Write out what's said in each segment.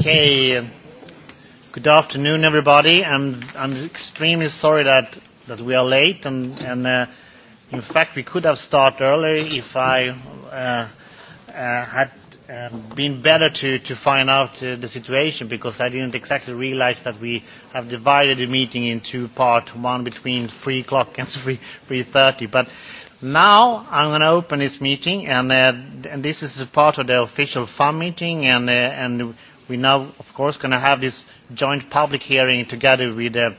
Okay, good afternoon, everybody. I'm, I'm extremely sorry that, that we are late, and, and uh, in fact, we could have started earlier if I uh, uh, had uh, been better to, to find out uh, the situation, because I didn't exactly realize that we have divided the meeting in two parts, one between 3 o'clock and 3, 3.30. But Now I'm going to open this meeting, and, uh, and this is a part of the official fund meeting, and, uh, and we now, of course, going to have this joint public hearing together with, uh,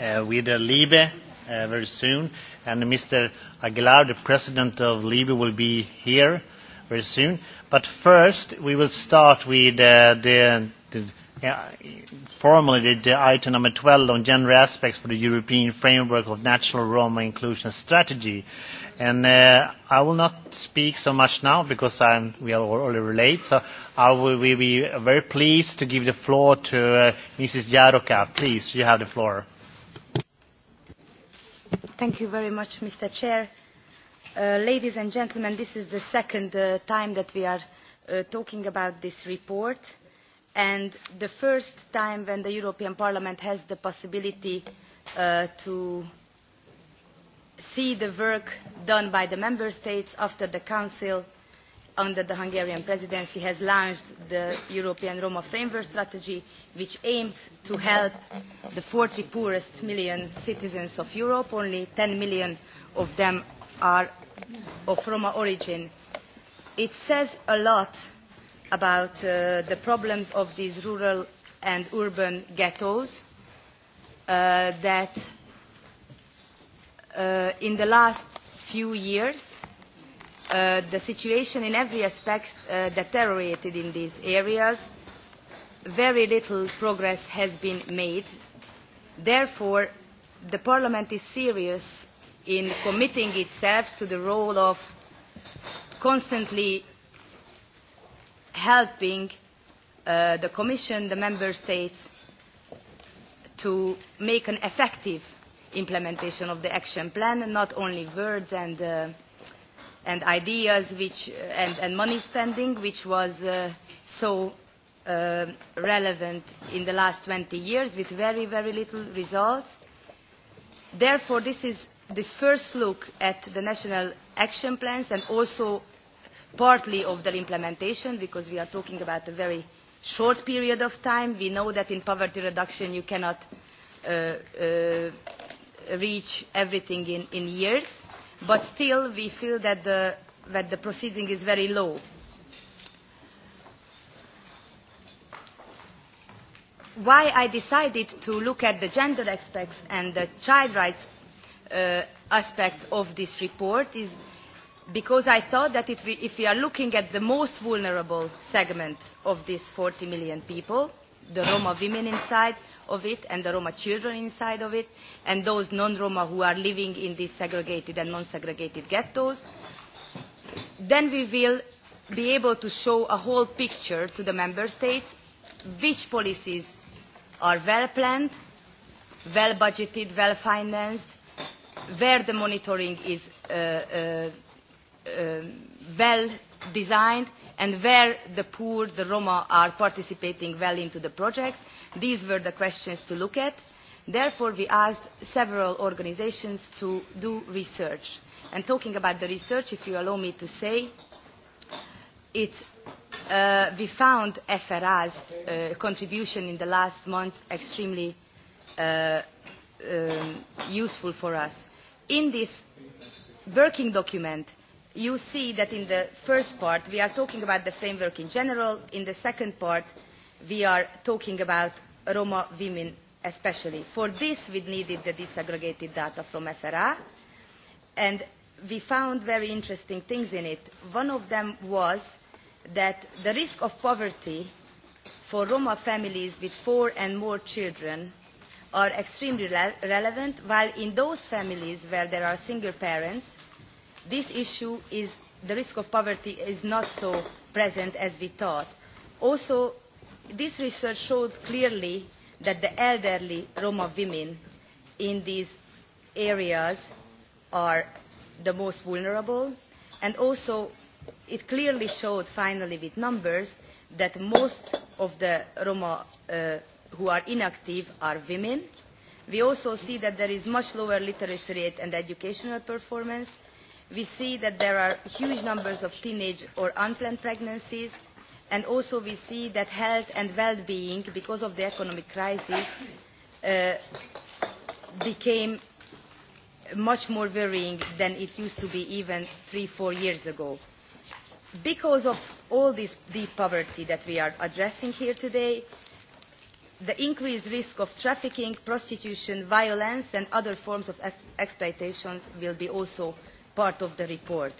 uh, with uh, Libe uh, very soon, and Mr. Aguilar, the president of Libe, will be here very soon. But first, we will start with uh, the, the uh, formally the, the item number 12 on gender aspects for the European Framework of natural Roma Inclusion Strategy. And uh, I will not speak so much now because I'm, we are already late, so I will will be very pleased to give the floor to uh, Mrs. Jaroka. Please, you have the floor. Thank you very much, Mr. Chair. Uh, ladies and gentlemen, this is the second uh, time that we are uh, talking about this report and the first time when the European Parliament has the possibility uh, to see the work done by the member states after the Council under the Hungarian presidency has launched the European Roma Framework Strategy, which aimed to help the 40 poorest million citizens of Europe. Only 10 million of them are of Roma origin. It says a lot about uh, the problems of these rural and urban ghettos uh, that uh, in the last few years, uh, the situation in every aspect uh, deteriorated in these areas. Very little progress has been made. Therefore, the Parliament is serious in committing itself to the role of constantly helping uh, the Commission, the Member States, to make an effective implementation of the action plan, not only words and, uh, and ideas which, and, and money spending, which was uh, so uh, relevant in the last 20 years with very, very little results. Therefore, this, is, this first look at the national action plans and also partly of their implementation, because we are talking about a very short period of time. We know that in poverty reduction you cannot uh, uh, reach everything in, in years, but still we feel that the, that the proceeding is very low. Why I decided to look at the gender aspects and the child rights uh, aspects of this report is because I thought that if we, if we are looking at the most vulnerable segment of these 40 million people, the Roma women inside of it and the Roma children inside of it and those non-Roma who are living in these segregated and non-segregated ghettos, then we will be able to show a whole picture to the member states which policies are well planned, well budgeted, well financed, where the monitoring is uh, uh, uh, well designed and where the poor, the Roma, are participating well into the projects. These were the questions to look at. Therefore, we asked several organizations to do research. And talking about the research, if you allow me to say, it's, uh, we found FRA's uh, contribution in the last months extremely uh, um, useful for us. In this working document, you see that in the first part we are talking about the framework in general, in the second part we are talking about Roma women especially. For this we needed the disaggregated data from FRA and we found very interesting things in it. One of them was that the risk of poverty for Roma families with four and more children are extremely re relevant, while in those families where there are single parents, this issue is, the risk of poverty is not so present as we thought. Also, this research showed clearly that the elderly Roma women in these areas are the most vulnerable and also it clearly showed finally with numbers that most of the Roma uh, who are inactive are women. We also see that there is much lower literacy rate and educational performance we see that there are huge numbers of teenage or unplanned pregnancies, and also we see that health and well-being, because of the economic crisis, uh, became much more worrying than it used to be even three, four years ago. Because of all this deep poverty that we are addressing here today, the increased risk of trafficking, prostitution, violence and other forms of exploitation will be also part of the report.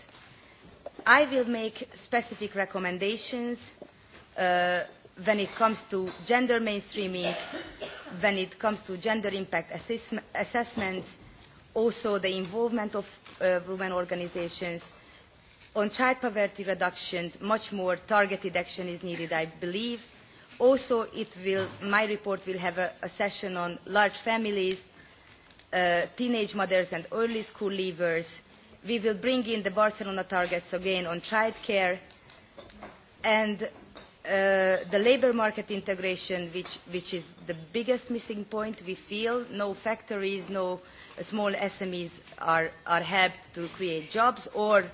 I will make specific recommendations uh, when it comes to gender mainstreaming, when it comes to gender impact assess assessments, also the involvement of uh, women organizations. On child poverty reductions, much more targeted action is needed, I believe. Also, it will, my report will have a, a session on large families, uh, teenage mothers and early school leavers, We will bring in the Barcelona targets again on childcare and uh, the labor market integration, which, which is the biggest missing point we feel. No factories, no uh, small SMEs are, are helped to create jobs or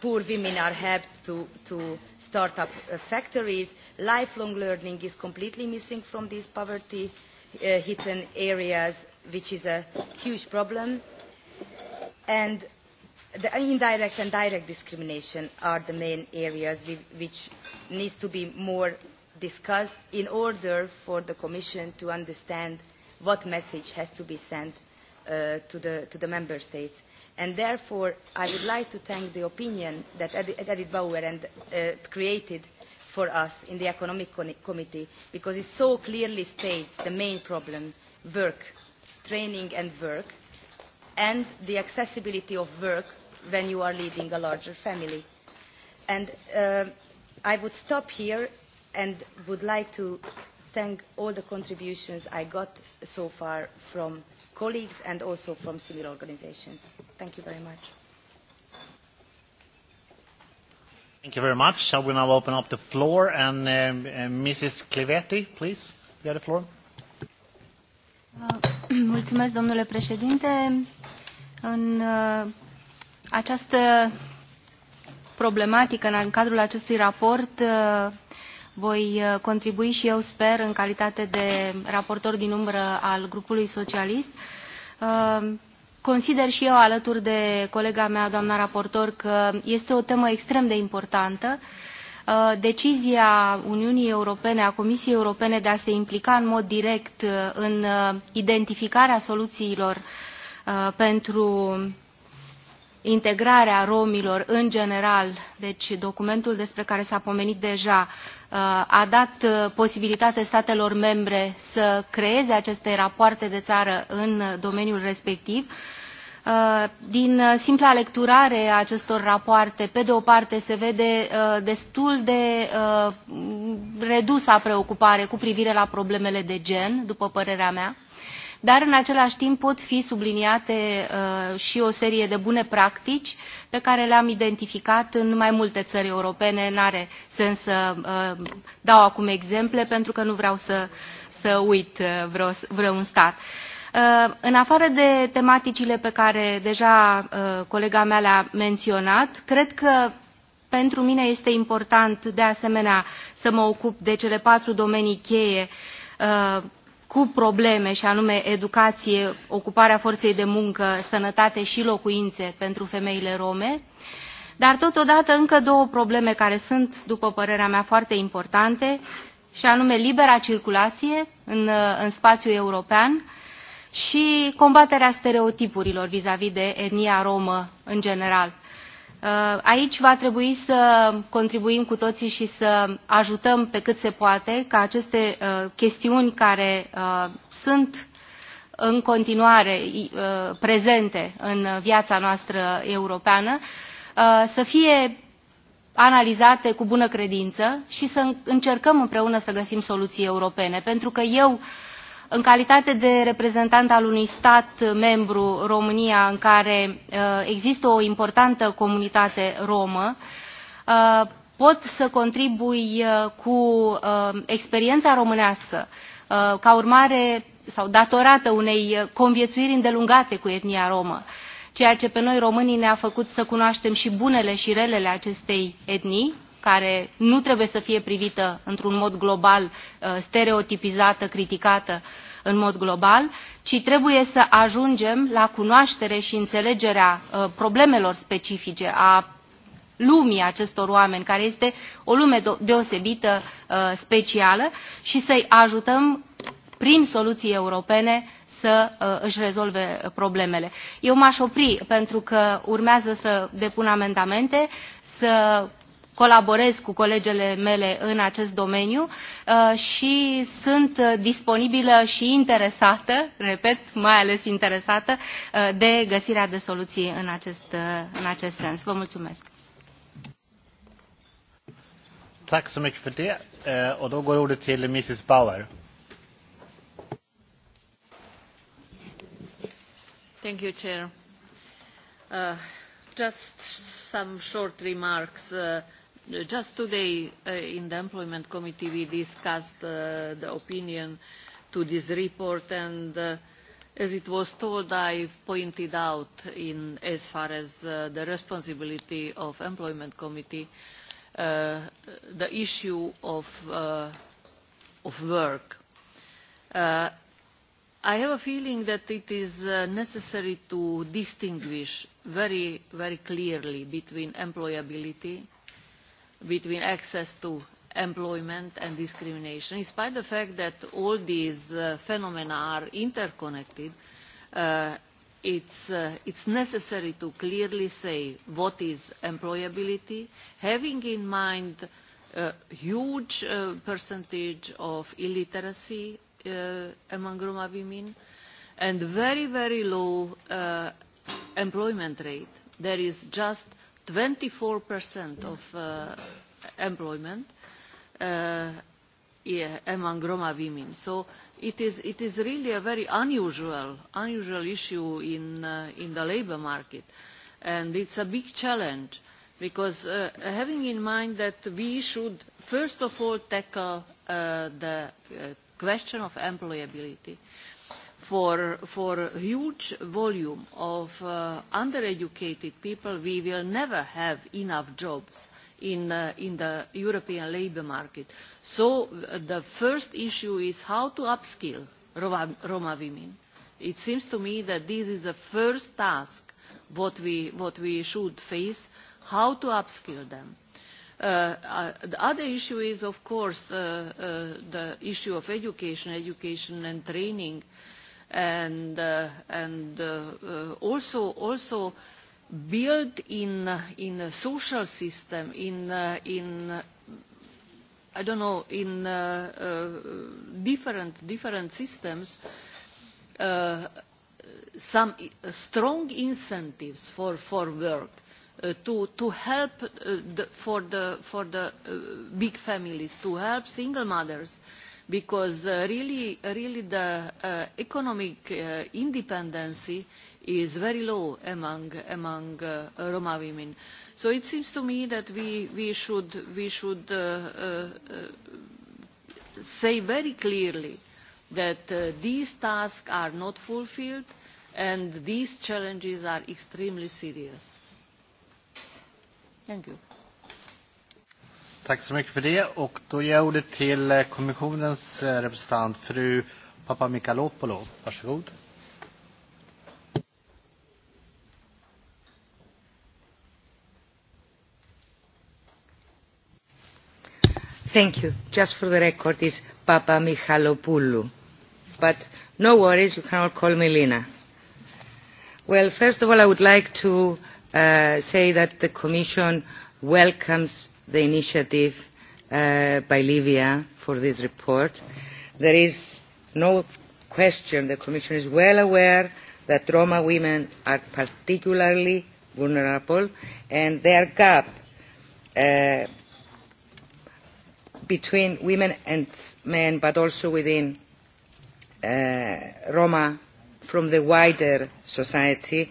poor women are helped to, to start up uh, factories. Lifelong learning is completely missing from these poverty uh, hidden areas, which is a huge problem. And the indirect and direct discrimination are the main areas which needs to be more discussed in order for the Commission to understand what message has to be sent uh, to, the, to the Member States. And therefore, I would like to thank the opinion that Edith Bauer and, uh, created for us in the Economic Committee because it so clearly states the main problem, work, training and work, and the accessibility of work when you are leading a larger family. And uh, I would stop here and would like to thank all the contributions I got so far from colleagues and also from similar organizations. Thank you very much. Thank you very much. I will now open up the floor and um, uh, Mrs. Clivetti, please, you have the floor. Uh, mulțumesc, domnule președinte. În uh, Această problematică în cadrul acestui raport uh, voi uh, contribui și eu, sper, în calitate de raportor din umbră al grupului socialist. Uh, consider și eu, alături de colega mea, doamna raportor, că este o temă extrem de importantă. Decizia Uniunii Europene, a Comisiei Europene de a se implica în mod direct în identificarea soluțiilor pentru integrarea romilor în general, deci documentul despre care s-a pomenit deja, uh, a dat uh, posibilitate statelor membre să creeze aceste rapoarte de țară în domeniul respectiv. Uh, din simpla lecturare a acestor rapoarte, pe de o parte se vede destul de redusa preocupare cu privire la problemele de gen, după părerea mea, dar în același timp pot fi subliniate uh, și o serie de bune practici pe care le-am identificat în mai multe țări europene. N-are sens să uh, dau acum exemple pentru că nu vreau să, să uit uh, vreo, vreun stat. Uh, în afară de tematicile pe care deja uh, colega mea le-a menționat, cred că pentru mine este important de asemenea să mă ocup de cele patru domenii cheie uh, cu probleme, și anume educație, ocuparea forței de muncă, sănătate și locuințe pentru femeile rome, dar totodată încă două probleme care sunt, după părerea mea, foarte importante, și anume libera circulație în, în spațiul european și combaterea stereotipurilor vis-a-vis -vis de etnia romă în general. Uh, aici va trebui să contribuim cu toții și să ajutăm pe cât se poate ca aceste uh, chestiuni care uh, sunt în continuare prezente în viața noastră europeană să fie analizate cu bună credință și să încercăm împreună să găsim soluții europene. Pentru că eu uh, În calitate de reprezentant al unui stat membru, România, în care uh, există o importantă comunitate romă, uh, pot să contribui uh, cu uh, experiența românească uh, ca urmare sau datorată unei conviețuiri îndelungate cu etnia romă, ceea ce pe noi românii ne-a făcut să cunoaștem și bunele și relele acestei etnii, care nu trebuie să fie privită într-un mod global, uh, stereotipizată, criticată, în mod global, ci trebuie să ajungem la cunoaștere și înțelegerea uh, problemelor specifice a lumii acestor oameni, care este o lume deosebită, uh, specială, și să-i ajutăm prin soluții europene să uh, își rezolve problemele. Eu m-aș opri pentru că urmează să depun amendamente, să colaborez cu colegele mele în acest domeniu uh, și sunt uh, disponibilă și interesată, repet, mai ales interesată, uh, de găsirea de soluții în acest, în acest sens. Vă mulțumesc! Tack så mycket för det. Eh, och då går ordet till Mrs. Bauer. Thank you, Chair. Uh, just some short remarks. Uh, Just today uh, in the Employment Committee we discussed uh, the opinion to this report and uh, as it was told I pointed out in as far as uh, the responsibility of Employment Committee uh, the issue of, uh, of work. Uh, I have a feeling that it is uh, necessary to distinguish very, very clearly between employability between access to employment and discrimination, despite the fact that all these uh, phenomena are interconnected, uh, it's, uh, it's necessary to clearly say what is employability, having in mind a huge uh, percentage of illiteracy uh, among Roma women and very, very low uh, employment rate. There is just 24% of uh, employment uh, yeah, among Roma women. So it is, it is really a very unusual, unusual issue in, uh, in the labor market. And it's a big challenge because uh, having in mind that we should first of all tackle uh, the uh, question of employability, for, for a huge volume of uh, undereducated people, we will never have enough jobs in, uh, in the European labor market. So uh, the first issue is how to upskill Roma, Roma women. It seems to me that this is the first task what we, what we should face, how to upskill them. Uh, uh, the other issue is, of course, uh, uh, the issue of education, education and training. Uh, and, uh, and uh, uh, also, also build in, in a social system, in, uh, in I don't know, in uh, uh, different, different systems, uh, some strong incentives for, for work. Uh, to, to help uh, the, for the, for the uh, big families, to help single mothers uh, because uh, really, uh, really the uh, economic uh, independence is very low among, among uh, Roma women. So it seems to me that we, we should, we should uh, uh, say very clearly that uh, these tasks are not fulfilled and these challenges are extremely serious. Thank you. Tack så mycket för det. Och då ger jag ordet till eh, kommissionens eh, representant, fru Papa Mikalopoulou. Varsågod. Thank you. Just for the record, is Papa Michalopoulou. But no worries, you can all call me Lina. Well, first of all, I would like to uh, say that the Commission welcomes the initiative uh, by Livia for this report. There is no question the Commission is well aware that Roma women are particularly vulnerable and their gap uh, between women and men but also within uh, Roma from the wider society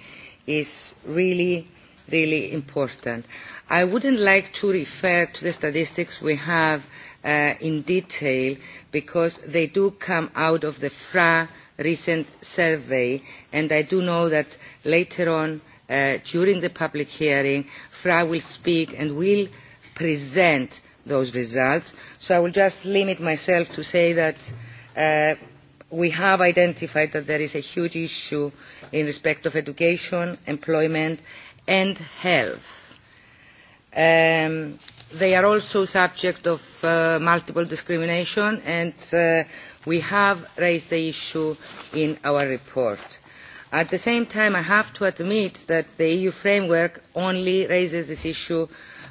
is really really important. I wouldn't like to refer to the statistics we have uh, in detail because they do come out of the FRA recent survey and I do know that later on uh, during the public hearing FRA will speak and will present those results. So I will just limit myself to say that uh, we have identified that there is a huge issue in respect of education, employment and health. Um, they are also subject of uh, multiple discrimination and uh, we have raised the issue in our report. At the same time, I have to admit that the EU framework only raises this issue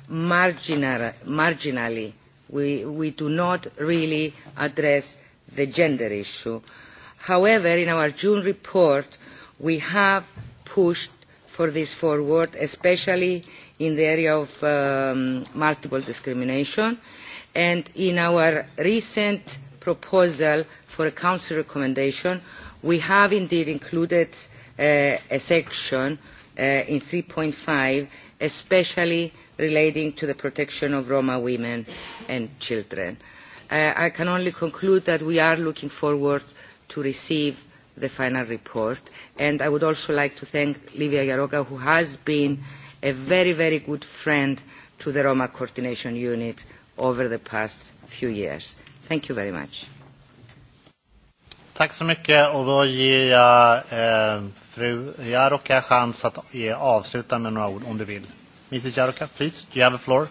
marginal, marginally. We, we do not really address the gender issue. However, in our June report, we have pushed for this forward, especially in the area of um, multiple discrimination. And in our recent proposal for a council recommendation, we have indeed included uh, a section uh, in 3.5, especially relating to the protection of Roma women and children. Uh, I can only conclude that we are looking forward to receive the final report. And I would also like to thank Livia Yaroga, who has been a very, very good friend to the Roma Coordination Unit over the past few years. Thank you very much. Tack så mycket och då ger jag eh, fru Jaroka chans att ge, avsluta med några ord om du vill. Mrs Jaroka, please, do you have the floor?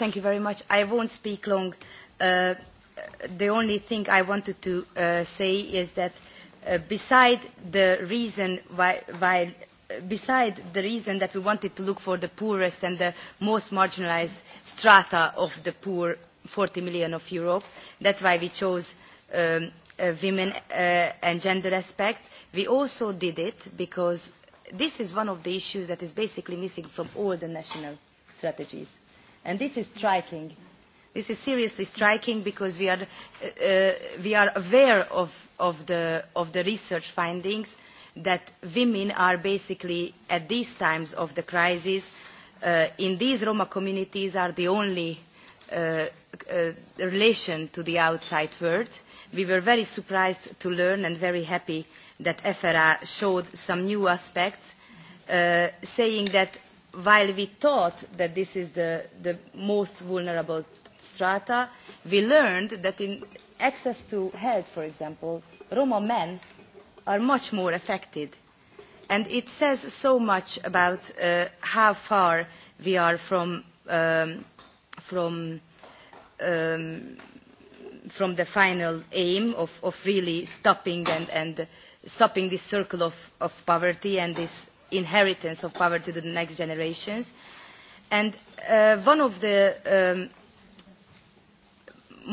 Thank you very much. I won't speak long. Uh, the only thing I wanted to uh, say is that uh, beside the reason why, why beside the reason that we wanted to look for the poorest and the most marginalized strata of the poor 40 million of Europe, that's why we chose um, uh, women uh, and gender aspects. We also did it because this is one of the issues that is basically missing from all the national strategies And this is striking. This is seriously striking because we are, uh, uh, we are aware of, of, the, of the research findings that women are basically at these times of the crisis uh, in these Roma communities are the only uh, uh, relation to the outside world. We were very surprised to learn and very happy that EFERA showed some new aspects, uh, saying that while we thought that this is the, the most vulnerable strata, we learned that in access to health, for example, Roma men are much more affected. And it says so much about uh, how far we are from, um, from, um, from the final aim of, of really stopping, and, and stopping this circle of, of poverty and this inheritance of power to the next generations. And uh, one of the um,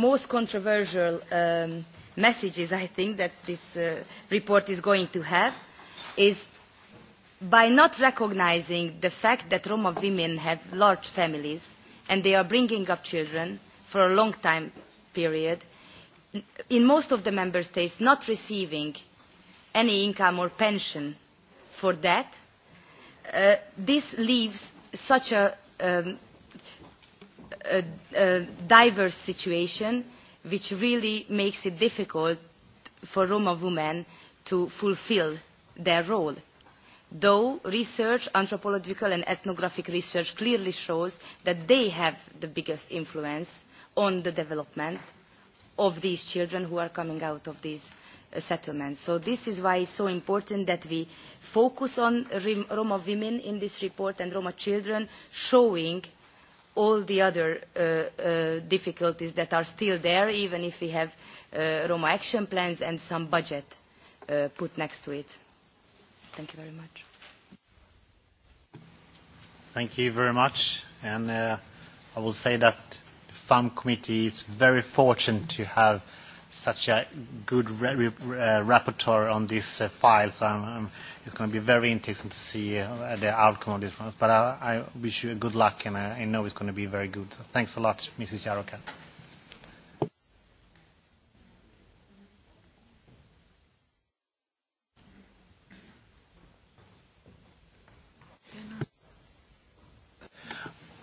most controversial um, messages I think that this uh, report is going to have is by not recognizing the fact that Roma women have large families and they are bringing up children for a long time period, in most of the member states not receiving any income or pension for that, uh, this leaves such a, um, a, a diverse situation which really makes it difficult for Roma women to fulfill their role. Though research, anthropological and ethnographic research clearly shows that they have the biggest influence on the development of these children who are coming out of these Uh, settlements. So this is why it's so important that we focus on Roma women in this report and Roma children, showing all the other uh, uh, difficulties that are still there, even if we have uh, Roma action plans and some budget uh, put next to it. Thank you very much. Thank you very much. And uh, I will say that the FAM committee is very fortunate to have such a good re re uh, rapporteur on this uh, file, so I'm, I'm, it's going to be very interesting to see uh, the outcome of this one. But I, I wish you good luck, and I, I know it's going to be very good. So thanks a lot, Mrs. Jaroka.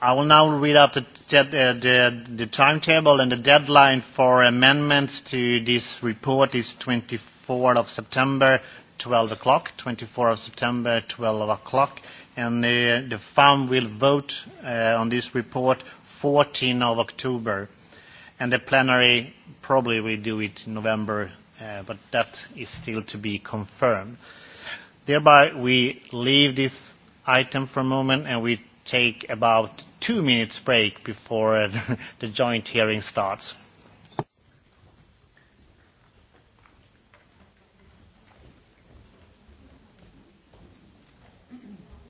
I will now read out the, uh, the, the timetable and the deadline for amendments to this report is 24th of September, 12 o'clock, 24th of September, 12 o'clock, and the, the farm will vote uh, on this report 14 of October, and the plenary probably will do it in November, uh, but that is still to be confirmed. Thereby, we leave this item for a moment and we take about two minutes break before uh, the joint hearing starts.